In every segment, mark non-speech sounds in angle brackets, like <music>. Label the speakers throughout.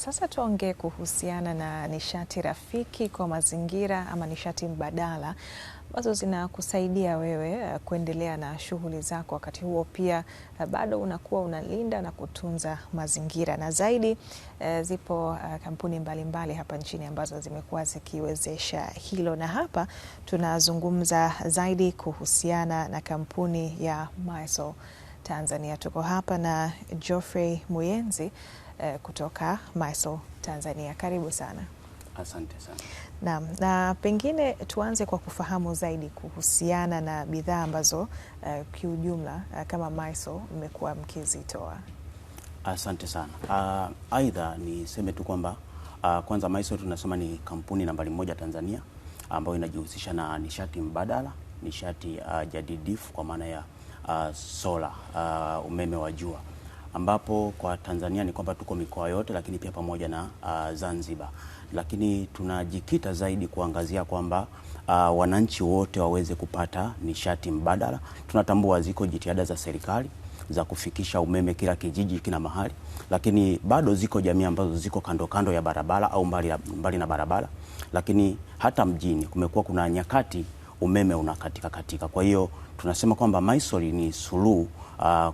Speaker 1: sasa tuongee kuhusiana na nishati rafiki kwa mazingira ama nishati mbadala ambazo zinakusaidia wewe eh, kuendelea na shughuli zako, wakati huo pia eh, bado unakuwa unalinda na kutunza mazingira. Na zaidi eh, zipo kampuni mbalimbali mbali hapa nchini ambazo zimekuwa zikiwezesha hilo, na hapa tunazungumza zaidi kuhusiana na kampuni ya Mysol. Tanzania. Tuko hapa na Geoffrey Muyenzi eh, kutoka Mysol Tanzania. Karibu sana.
Speaker 2: Asante sana.
Speaker 1: Naam, na pengine tuanze kwa kufahamu zaidi kuhusiana na bidhaa ambazo eh, kiujumla eh, kama Mysol mmekuwa mkizitoa.
Speaker 2: Asante sana. Uh, aidha niseme tu kwamba uh, kwanza Mysol tunasema ni kampuni nambari moja Tanzania ambayo inajihusisha na nishati mbadala, nishati uh, jadidifu kwa maana ya uh, sola uh, umeme wa jua ambapo kwa Tanzania ni kwamba tuko mikoa yote, lakini pia pamoja na uh, Zanzibar, lakini tunajikita zaidi kuangazia kwamba uh, wananchi wote waweze kupata nishati mbadala. Tunatambua ziko jitihada za serikali za kufikisha umeme kila kijiji, kila mahali, lakini bado ziko jamii ambazo ziko kando kando ya barabara au mbali, mbali na barabara, lakini hata mjini kumekuwa kuna nyakati umeme unakatika katika. Kwa hiyo tunasema kwamba MySol ni suluhu uh,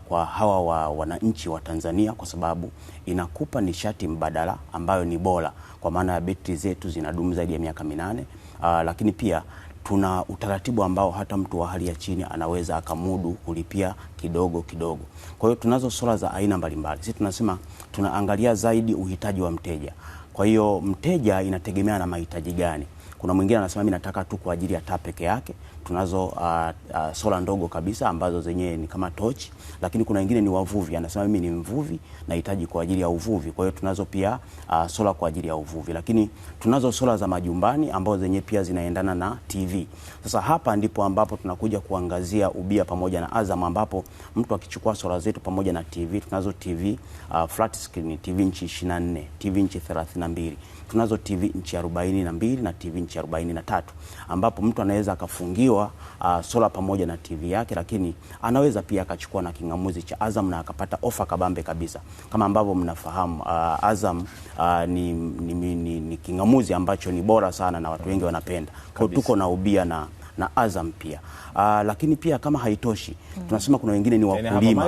Speaker 2: kwa hawa wa wananchi wa Tanzania kwa sababu inakupa nishati mbadala ambayo ni bora, kwa maana ya betri zetu zinadumu zaidi ya miaka minane. Uh, lakini pia tuna utaratibu ambao hata mtu wa hali ya chini anaweza akamudu kulipia kidogo kidogo. Kwa hiyo tunazo sola za aina mbalimbali. Sisi tunasema tunaangalia zaidi uhitaji wa mteja. Kwa hiyo mteja inategemea na mahitaji gani. Kuna mwingine anasema mimi nataka tu kwa ajili ya taa peke yake. Tunazo uh, uh, sola ndogo kabisa ambazo zenyewe ni kama tochi, lakini kuna wengine ni wavuvi, anasema mimi ni mvuvi, nahitaji kwa ajili ya uvuvi. Kwa hiyo tunazo pia uh, sola kwa ajili ya uvuvi, lakini tunazo sola za majumbani ambazo zenyewe pia zinaendana na TV. Sasa hapa ndipo ambapo tunakuja kuangazia ubia pamoja na Azam, ambapo mtu akichukua sola zetu pamoja na TV, tunazo TV uh, flat screen, TV inchi 24, TV inchi 32 tunazo TV nchi 42 na TV nchi 43 ambapo mtu anaweza akafungiwa uh, ah, sola pamoja na TV yake, lakini anaweza pia akachukua na king'amuzi cha Azam na akapata ofa kabambe kabisa. Kama ambavyo mnafahamu uh, Azam uh, ni, ni, ni, ni, ni king'amuzi ambacho ni bora sana na watu wengi wanapenda. Kwa tuko na ubia na na Azam pia uh, lakini pia kama haitoshi mm. tunasema kuna wengine ni yaani wakulima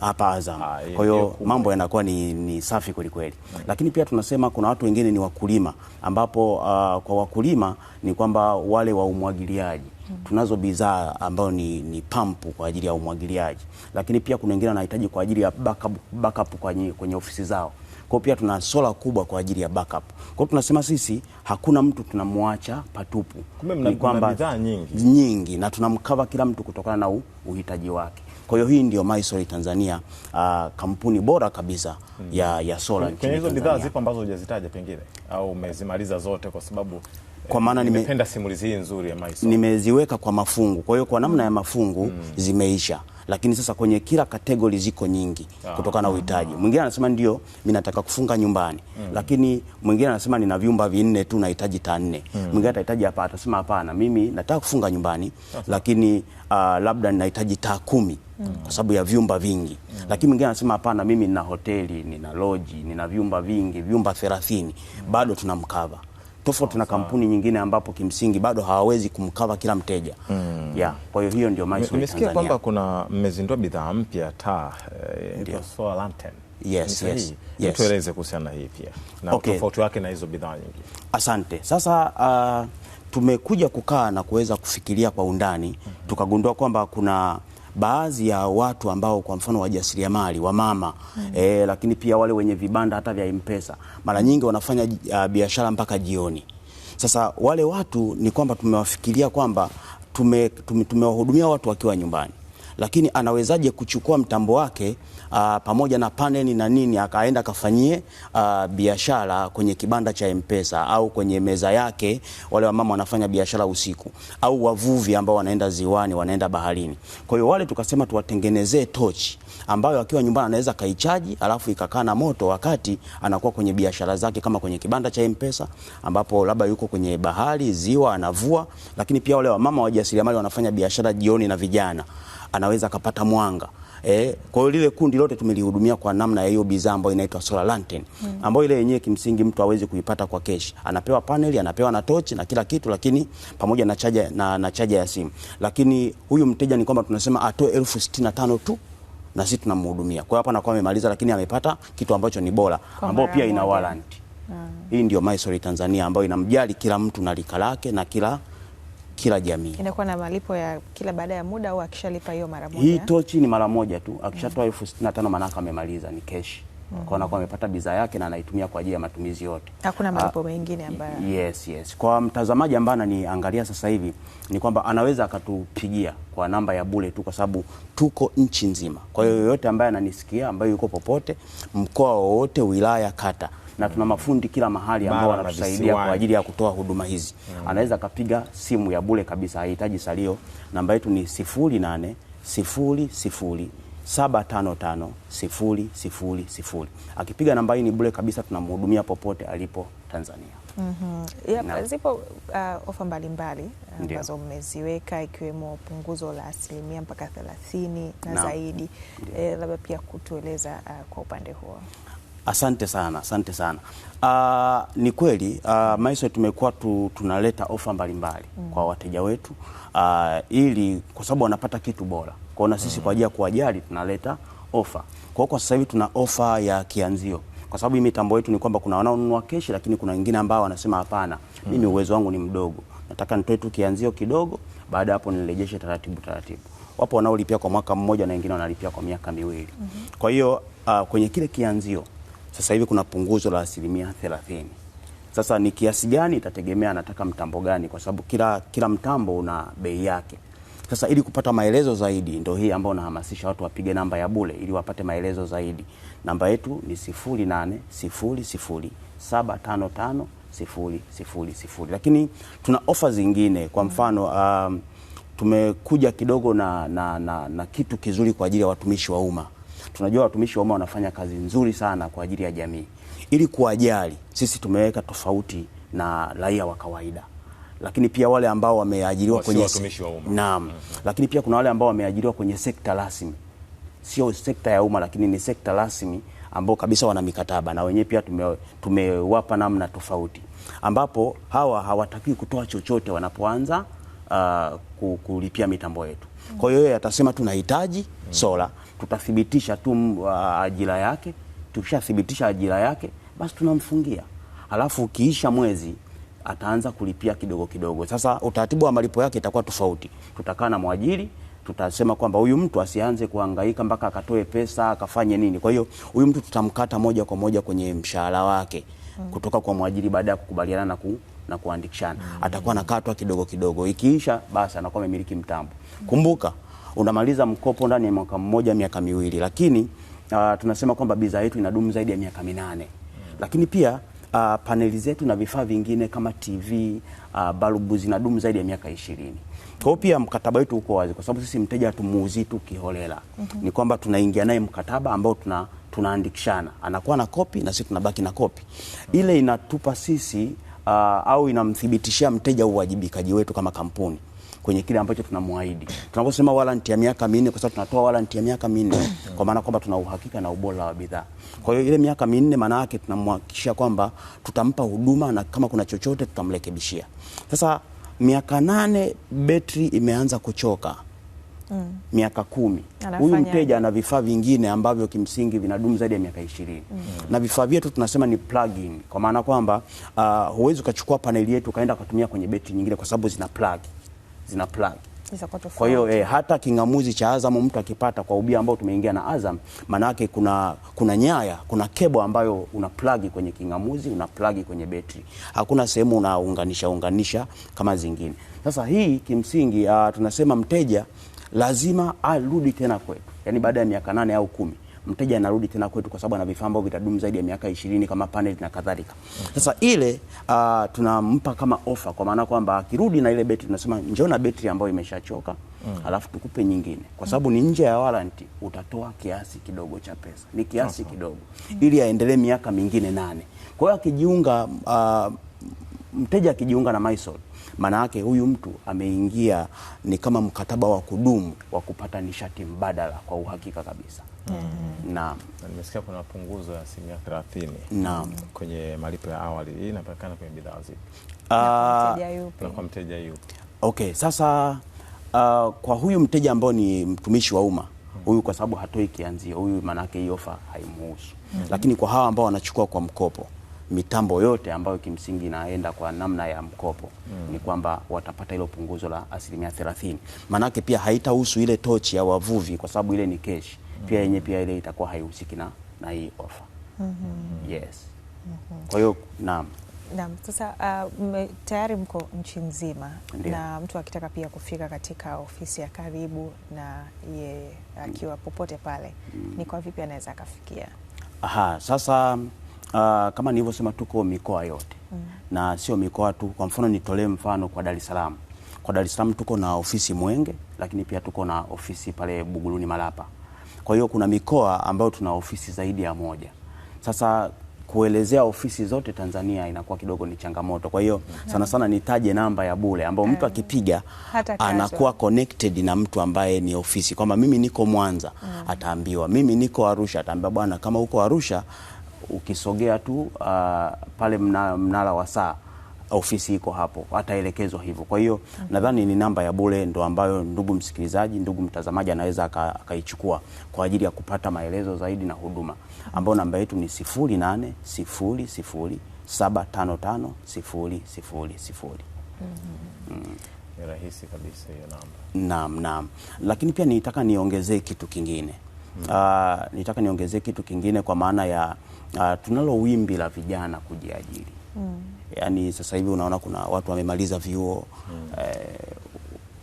Speaker 2: hapa Azam, ah, kwa hiyo mambo yanakuwa ni, ni safi kwelikweli mm. lakini pia tunasema kuna watu wengine ni wakulima ambapo uh, kwa wakulima ni kwamba wale wa umwagiliaji mm. Tunazo bidhaa ambayo ni, ni pampu kwa ajili ya umwagiliaji, lakini pia kuna wengine wanahitaji kwa ajili ya backup, backup kwenye, kwenye ofisi zao kwao pia tuna sola kubwa kwa ajili ya backup. Kwao tunasema sisi hakuna mtu tunamwacha patupu.
Speaker 3: ni kwamba bidhaa nyingi.
Speaker 2: Nyingi na tunamkava kila mtu kutokana na uhitaji wake. Kwa hiyo hii ndio MySol Tanzania uh, kampuni bora kabisa hmm. ya, ya sola.
Speaker 3: Kwenye hizo bidhaa zipo ambazo hujazitaja pengine au umezimaliza zote kwa sababu eh, kwa maana nimependa simulizi hii nzuri ya MySol.
Speaker 2: Nimeziweka kwa mafungu. Kwa hiyo kwa namna ya mafungu mm. zimeisha lakini sasa kwenye kila kategori ziko nyingi ah. kutokana na uhitaji. Mwingine anasema ndio mimi nataka kufunga nyumbani mm. lakini mwingine anasema nina vyumba vinne tu nahitaji taa nne mm. mwingine atahitaji hapa, atasema hapana, mimi nataka kufunga nyumbani ah. lakini uh, labda ninahitaji taa kumi mm. kwa sababu ya vyumba vingi mm. lakini mwingine anasema hapana, mimi nina hoteli, nina loji, nina vyumba vingi, vyumba thelathini mm. bado tunamkava tofauti na kampuni nyingine ambapo kimsingi bado hawawezi kumkava kila mteja mm. yeah. Kwa hiyo hiyo ndio Tanzania. Nimesikia
Speaker 3: kwamba kuna mmezindua bidhaa mpya taa eh, solar lantern
Speaker 2: Yes, yes,
Speaker 3: yes. Tueleze kuhusiana hii pia na okay, tofauti wake na hizo bidhaa nyingine.
Speaker 2: Asante. Sasa uh, tumekuja kukaa na kuweza kufikiria kwa undani mm -hmm. Tukagundua kwamba kuna baadhi ya watu ambao kwa mfano wajasiriamali wamama mm. eh, lakini pia wale wenye vibanda hata vya Mpesa mara nyingi wanafanya uh, biashara mpaka jioni. Sasa wale watu ni kwamba tumewafikiria kwamba tumewahudumia tume watu wakiwa nyumbani lakini anawezaje kuchukua mtambo wake aa, ah, pamoja na paneli na nini akaenda akafanyie ah, biashara kwenye kibanda cha Mpesa au kwenye meza yake, wale wamama wanafanya biashara usiku, au wavuvi ambao wanaenda ziwani, wanaenda baharini. Kwa hiyo wale tukasema tuwatengenezee tochi ambayo akiwa nyumbani anaweza kaichaji alafu ikakaa na moto wakati anakuwa kwenye biashara zake, kama kwenye kibanda cha Mpesa ambapo labda yuko kwenye bahari, ziwa, anavua. Lakini pia wale wamama wajasiriamali wanafanya biashara jioni na vijana, anaweza akapata mwanga Eh, kwa hiyo lile kundi lote tumelihudumia kwa namna ya hiyo bidhaa ambayo inaitwa solar lantern mm, ambayo ile yenyewe kimsingi mtu hawezi kuipata kwa kesh. Anapewa paneli, anapewa na tochi na kila kitu, lakini pamoja na chaja na, na chaja ya simu. Lakini huyu mteja ni kwamba tunasema atoe elfu sitini na tano tu na sisi tunamhudumia. Kwa hiyo hapa anakuwa amemaliza, lakini amepata kitu ambacho ni bora, ambao pia ina warrant. Ah. Hii ndio MySolid Tanzania ambayo inamjali kila mtu na lika lake na kila kila jamii.
Speaker 1: Inakuwa na malipo ya kila baada ya muda au akishalipa hiyo mara moja.
Speaker 2: Hii tochi ni mara moja tu, akishatoa elfu sitini na tano manaka amemaliza, ni keshi mm. kwa anakuwa amepata bidhaa yake na anaitumia kwa ajili ya matumizi yote,
Speaker 1: hakuna malipo ah, mengine ambayo.
Speaker 2: Yes, yes. Kwa mtazamaji ambaye ananiangalia sasa hivi ni kwamba anaweza akatupigia kwa namba ya bure tu, kwa sababu tuko nchi nzima. Kwa hiyo yoyote ambaye ananisikia ambaye yuko popote, mkoa wowote, wilaya, kata na tuna mafundi kila mahali ambao wanatusaidia kwa ajili ya kutoa huduma hizi mm. Anaweza akapiga simu ya bure kabisa, haihitaji salio. Namba yetu ni sifuri nane sifuri sifuri 755000. Akipiga namba hii ni bure kabisa, tunamhudumia popote alipo Tanzania. Mm
Speaker 1: -hmm. Yep, zipo uh, ofa mbalimbali uh, ambazo uh, mmeziweka ikiwemo punguzo la asilimia mpaka thelathini na, na zaidi eh, labda pia kutueleza uh, kwa upande huo.
Speaker 2: Asante sana, asante sana. Uh, ni kweli uh, Maisel tumekuwa tu, tunaleta ofa mbalimbali mm. kwa wateja wetu uh, ili kwa sababu wanapata kitu bora kwao, na sisi kwa ajili ya kuwajali tunaleta ofa kwao. Kwa sasa hivi tuna ofa ya kianzio kwa sababu hii mitambo yetu ni kwamba kuna wanaonunua keshi, lakini kuna wengine ambao wanasema hapana, mimi uwezo wangu ni mdogo, nataka nitoe tu kianzio kidogo, baada hapo nirejeshe taratibu taratibu. Wapo wanaolipia kwa mwaka mmoja na wengine wanalipia kwa miaka miwili. mm -hmm. Kwa hiyo uh, kwenye kile kianzio sasa hivi kuna punguzo la asilimia thelathini. Sasa ni kiasi gani itategemea anataka mtambo gani, kwa sababu kila, kila mtambo una bei yake. Sasa ili kupata maelezo zaidi, ndio hii ambayo nahamasisha watu wapige namba ya bure ili wapate maelezo zaidi. Namba yetu ni 0800755000 lakini tuna ofa zingine, kwa mm. mfano um, tumekuja kidogo na, na, na, na kitu kizuri kwa ajili ya watumishi wa umma. Tunajua watumishi wa umma wanafanya kazi nzuri sana kwa ajili ya jamii. Ili kuwajali, sisi tumeweka tofauti na raia wa kawaida lakini pia wale ambao wameajiriwa
Speaker 3: kwenye watumishi wa umma.
Speaker 2: Naam. Mm -hmm. Lakini pia kuna wale ambao wameajiriwa kwenye sekta rasmi, sio sekta ya umma, lakini ni sekta rasmi ambao kabisa wana mikataba na wenyewe pia tume, tumewapa namna tofauti, ambapo hawa hawataki kutoa chochote wanapoanza uh, kulipia mitambo yetu. Kwa hiyo yeye atasema tunahitaji mm. sola, tutathibitisha tu uh, ajira yake. Tukishathibitisha ajira yake, basi tunamfungia, alafu ukiisha mwezi ataanza kulipia kidogo kidogo. Sasa utaratibu wa malipo yake itakuwa tofauti. Tutakaa na mwajiri tutasema kwamba huyu mtu asianze kuhangaika mpaka akatoe pesa akafanye nini. Kwa hiyo huyu mtu tutamkata moja kwa moja kwenye mshahara wake mm. kutoka kwa mwajiri baada ya kukubaliana na, ku, na kuandikishana mm. atakuwa anakatwa kidogo kidogo, ikiisha basi anakuwa amemiliki mtambo mm. Kumbuka unamaliza mkopo ndani ya mwaka mmoja miaka miwili, lakini uh, tunasema kwamba bidhaa yetu inadumu zaidi ya miaka minane mm. lakini pia uh, paneli zetu na vifaa vingine kama TV uh, ah, balbu zinadumu zaidi ya miaka ishirini. Kwa hiyo pia mkataba wetu uko wazi, kwa sababu sisi mteja hatumuuzi tu kiholela. mm -hmm. Ni kwamba tunaingia naye mkataba ambao tuna tunaandikishana, anakuwa na kopi na sisi tunabaki na kopi ile, inatupa sisi uh, au inamthibitishia mteja uwajibikaji wetu kama kampuni kwenye kile ambacho tunamwaahidi. Tunaposema warranty ya miaka minne, kwa sababu tunatoa warranty ya miaka minne <coughs> kwa maana kwamba tuna uhakika na ubora wa bidhaa. Kwa hiyo ile miaka minne, maana yake tunamhakikishia kwamba tutampa huduma na kama kuna chochote tutamrekebishia. Sasa miaka nane betri imeanza kuchoka Mm. miaka kumi, huyu mteja ana vifaa vingine ambavyo kimsingi vinadumu zaidi ya miaka ishirini mm. na vifaa vyetu tunasema ni plug-in, kwa maana kwamba uh, huwezi ukachukua paneli yetu ukaenda ukatumia kwenye betri nyingine kwa sababu zina plug. Mm zina plan. Kwa hiyo eh, hata kingamuzi cha Azam mtu akipata kwa ubia ambao tumeingia na Azam, manake kuna, kuna nyaya kuna kebo ambayo una plug kwenye kingamuzi una plug kwenye betri, hakuna sehemu unaunganisha unganisha kama zingine. Sasa hii kimsingi uh, tunasema mteja lazima arudi tena kwetu, yani baada ya miaka nane au kumi mteja anarudi tena kwetu kwa sababu ana vifaa ambavyo vitadumu zaidi ya miaka ishirini kama panel na kadhalika. Sasa ile uh, tunampa kama offer kwa maana kwamba akirudi na ile betri tunasema njoo na betri ambayo imeshachoka mm. alafu tukupe nyingine kwa sababu ni nje ya warranty, utatoa kiasi kidogo cha pesa, ni kiasi okay. kidogo ili aendelee miaka mingine nane. Kwa hiyo akijiunga uh, mteja akijiunga na MySol maana yake huyu mtu ameingia ni kama mkataba wa kudumu wa kupata nishati mbadala kwa uhakika kabisa. Mm-hmm. Naam.
Speaker 3: nimesikia kuna punguzo ya asilimia 30. Naam. Kwenye malipo ya awali. Hii inapatikana kwenye bidhaa zipi?
Speaker 1: Ah,
Speaker 3: Na kwa mteja yupi?
Speaker 2: Okay, sasa uh, kwa huyu mteja ambao ni mtumishi wa umma hmm. huyu kwa sababu hatoi kianzio, huyu maanake hii ofa haimuhusu. mm -hmm. Lakini kwa hawa ambao wanachukua kwa mkopo, mitambo yote ambayo kimsingi inaenda kwa namna ya mkopo mm -hmm. ni kwamba watapata hilo punguzo la asilimia thelathini. Maanake pia haitahusu ile tochi ya wavuvi kwa sababu ile ni keshi pia yenye pia ile itakuwa haihusiki na na hii offer. mm -hmm. Yes. mm -hmm. Kwa hiyo naam.
Speaker 1: Naam, sasa uh, tayari mko nchi nzima. Ndiyo. Na mtu akitaka pia kufika katika ofisi ya karibu na ye akiwa popote pale mm. ni kwa vipi anaweza akafikia?
Speaker 2: Aha, sasa uh, kama nilivyosema tuko mikoa yote mm. na sio mikoa tu, kwa mfano nitolee mfano kwa Dar es Salaam. Kwa Dar es Salaam tuko na ofisi Mwenge, lakini pia tuko na ofisi pale Buguruni Malapa kwa hiyo kuna mikoa ambayo tuna ofisi zaidi ya moja. Sasa kuelezea ofisi zote Tanzania inakuwa kidogo ni changamoto. Kwa hiyo mm-hmm. sana sana nitaje namba ya bure ambayo mtu eh. akipiga anakuwa connected na mtu ambaye ni ofisi, kwamba mimi niko Mwanza mm. ataambiwa, mimi niko Arusha ataambiwa, bwana kama uko Arusha ukisogea tu uh, pale mnara wa saa ofisi iko hapo, ataelekezwa hivyo. Kwa hiyo okay. nadhani ni namba ya bure ndo ambayo ndugu msikilizaji, ndugu mtazamaji anaweza akaichukua kwa ajili ya kupata maelezo zaidi na huduma, ambayo namba yetu ni sifuri nane sifuri sifuri saba tano tano sifuri sifuri sifuri. Mm-hmm.
Speaker 3: Ni rahisi kabisa hiyo namba.
Speaker 2: Naam, naam, lakini pia nitaka niongezee kitu kingine mm. Uh, nitaka niongezee kitu kingine kwa maana ya uh, tunalo wimbi la vijana kujiajiri mm. Yaani sasa hivi unaona kuna watu wamemaliza vyuo mm. eh,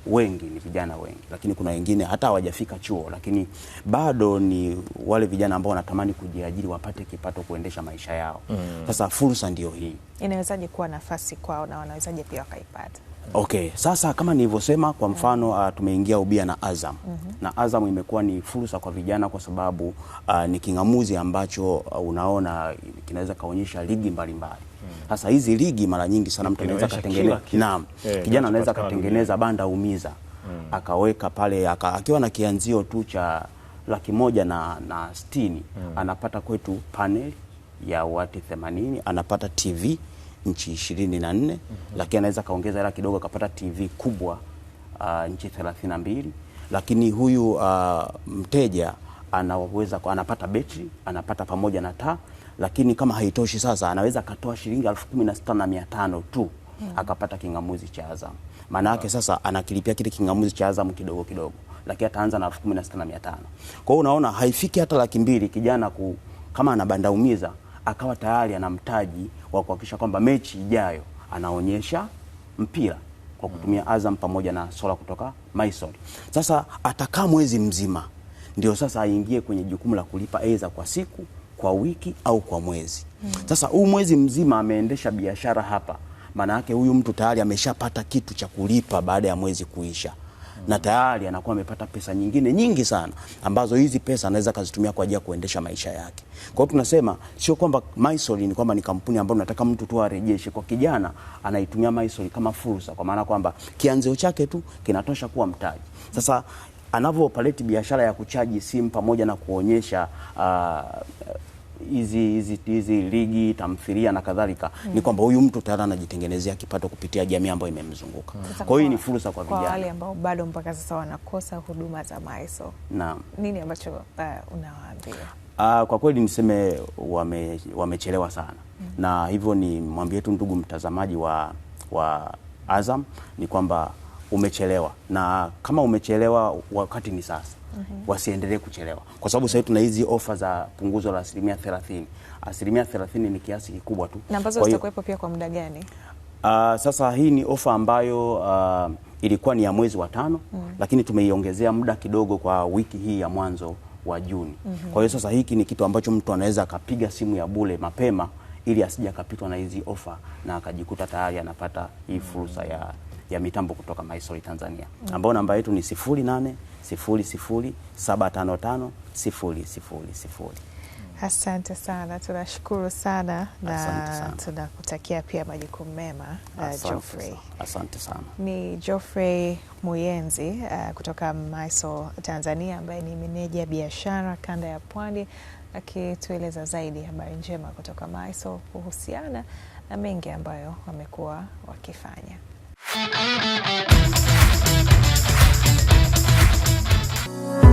Speaker 2: wengi ni vijana wengi, lakini kuna wengine hata hawajafika chuo, lakini bado ni wale vijana ambao wanatamani kujiajiri wapate kipato kuendesha maisha yao mm. Sasa fursa ndio hii,
Speaker 1: inawezaje kuwa nafasi kwao na wanawezaje pia wakaipata?
Speaker 2: Okay, sasa kama nilivyosema kwa mfano uh, tumeingia ubia na Azam mm -hmm. na Azam imekuwa ni fursa kwa vijana kwa sababu uh, ni king'amuzi ambacho uh, unaona kinaweza kaonyesha ligi mbalimbali mhm. sasa mbali. hizi ligi mara nyingi sana mtu anaweza katengeneza naam, eh, kijana anaweza katengeneza banda umiza mm. akaweka pale aka, akiwa na kianzio tu cha laki moja na, na sitini mm. anapata kwetu panel ya watu 80 anapata TV nchi ishirini na nne mm -hmm. Lakini anaweza kaongeza hela kidogo akapata TV kubwa uh, nchi thelathini na mbili lakini huyu uh, mteja anaweza anapata betri anapata pamoja na taa, lakini kama haitoshi sasa, anaweza akatoa shilingi elfu kumi na sita na mia tano tu mm. akapata king'amuzi cha Azam. Maana yake sasa anakilipia kile king'amuzi cha Azam kidogo kidogo, lakini ataanza na elfu kumi na sita na mia tano. Kwa hiyo unaona haifiki hata laki mbili kijana ku, kama anabandaumiza akawa tayari ana mtaji wa kuhakikisha kwamba mechi ijayo anaonyesha mpira kwa kutumia mm. Azam pamoja na sola kutoka Mysol. Sasa atakaa mwezi mzima, ndio sasa aingie kwenye jukumu la kulipa aidha kwa siku, kwa wiki au kwa mwezi. Mm. Sasa huu mwezi mzima ameendesha biashara hapa, maana yake huyu mtu tayari ameshapata kitu cha kulipa baada ya mwezi kuisha na tayari anakuwa amepata pesa nyingine nyingi sana, ambazo hizi pesa anaweza kazitumia kwa ajili ya kuendesha maisha yake. Kwa hiyo tunasema sio kwamba Mysol ni kwamba ni kampuni ambayo nataka mtu tu arejeshe. Kwa kijana anaitumia Mysol kama fursa, kwa maana kwamba kianzio chake tu kinatosha kuwa mtaji. Sasa anavyo biashara ya kuchaji simu pamoja na kuonyesha uh, hizi hizi ligi tamthilia na kadhalika mm. Ni hmm. kwamba huyu mtu tayari anajitengenezea kipato kupitia jamii ambayo imemzunguka mm. Kwa hiyo ni fursa kwa vijana
Speaker 1: wale ambao bado mpaka sasa wanakosa huduma za Maiso. Naam. Nini ambacho uh, unawaambia?
Speaker 2: Uh, kwa kweli niseme wame, wamechelewa sana mm. Na hivyo ni mwambie tu ndugu mtazamaji wa, wa Azam ni kwamba umechelewa, na kama umechelewa wakati ni sasa. mm -hmm. Wasiendelee kuchelewa, kwa sababu sasa tuna hizi ofa za punguzo la asilimia thelathini. Asilimia thelathini ni kiasi kikubwa tu,
Speaker 1: na ambazo zitakuwepo pia kwa muda gani?
Speaker 2: Uh, sasa hii ni ofa ambayo uh, ilikuwa ni ya mwezi wa tano mm -hmm. Lakini tumeiongezea muda kidogo kwa wiki hii ya mwanzo wa Juni. mm -hmm. Kwa hiyo sasa hiki ni kitu ambacho mtu anaweza akapiga simu ya bule mapema ili asije akapitwa na hizi ofa na akajikuta tayari anapata hii fursa ya ya mitambo kutoka Mysol Tanzania mm. ambao namba yetu ni sifuri sifuri sifuri nane saba tano tano sifuri sifuri sifuri.
Speaker 1: Asante sana, tunashukuru sana na tunakutakia pia majukumu mema uh, Geoffrey.
Speaker 2: Asante sana.
Speaker 1: Ni Geoffrey Muyenzi uh, kutoka Mysol Tanzania ambaye ni meneja biashara kanda ya Pwani akitueleza zaidi habari njema kutoka Mysol kuhusiana na mengi ambayo wamekuwa wakifanya. Thank you.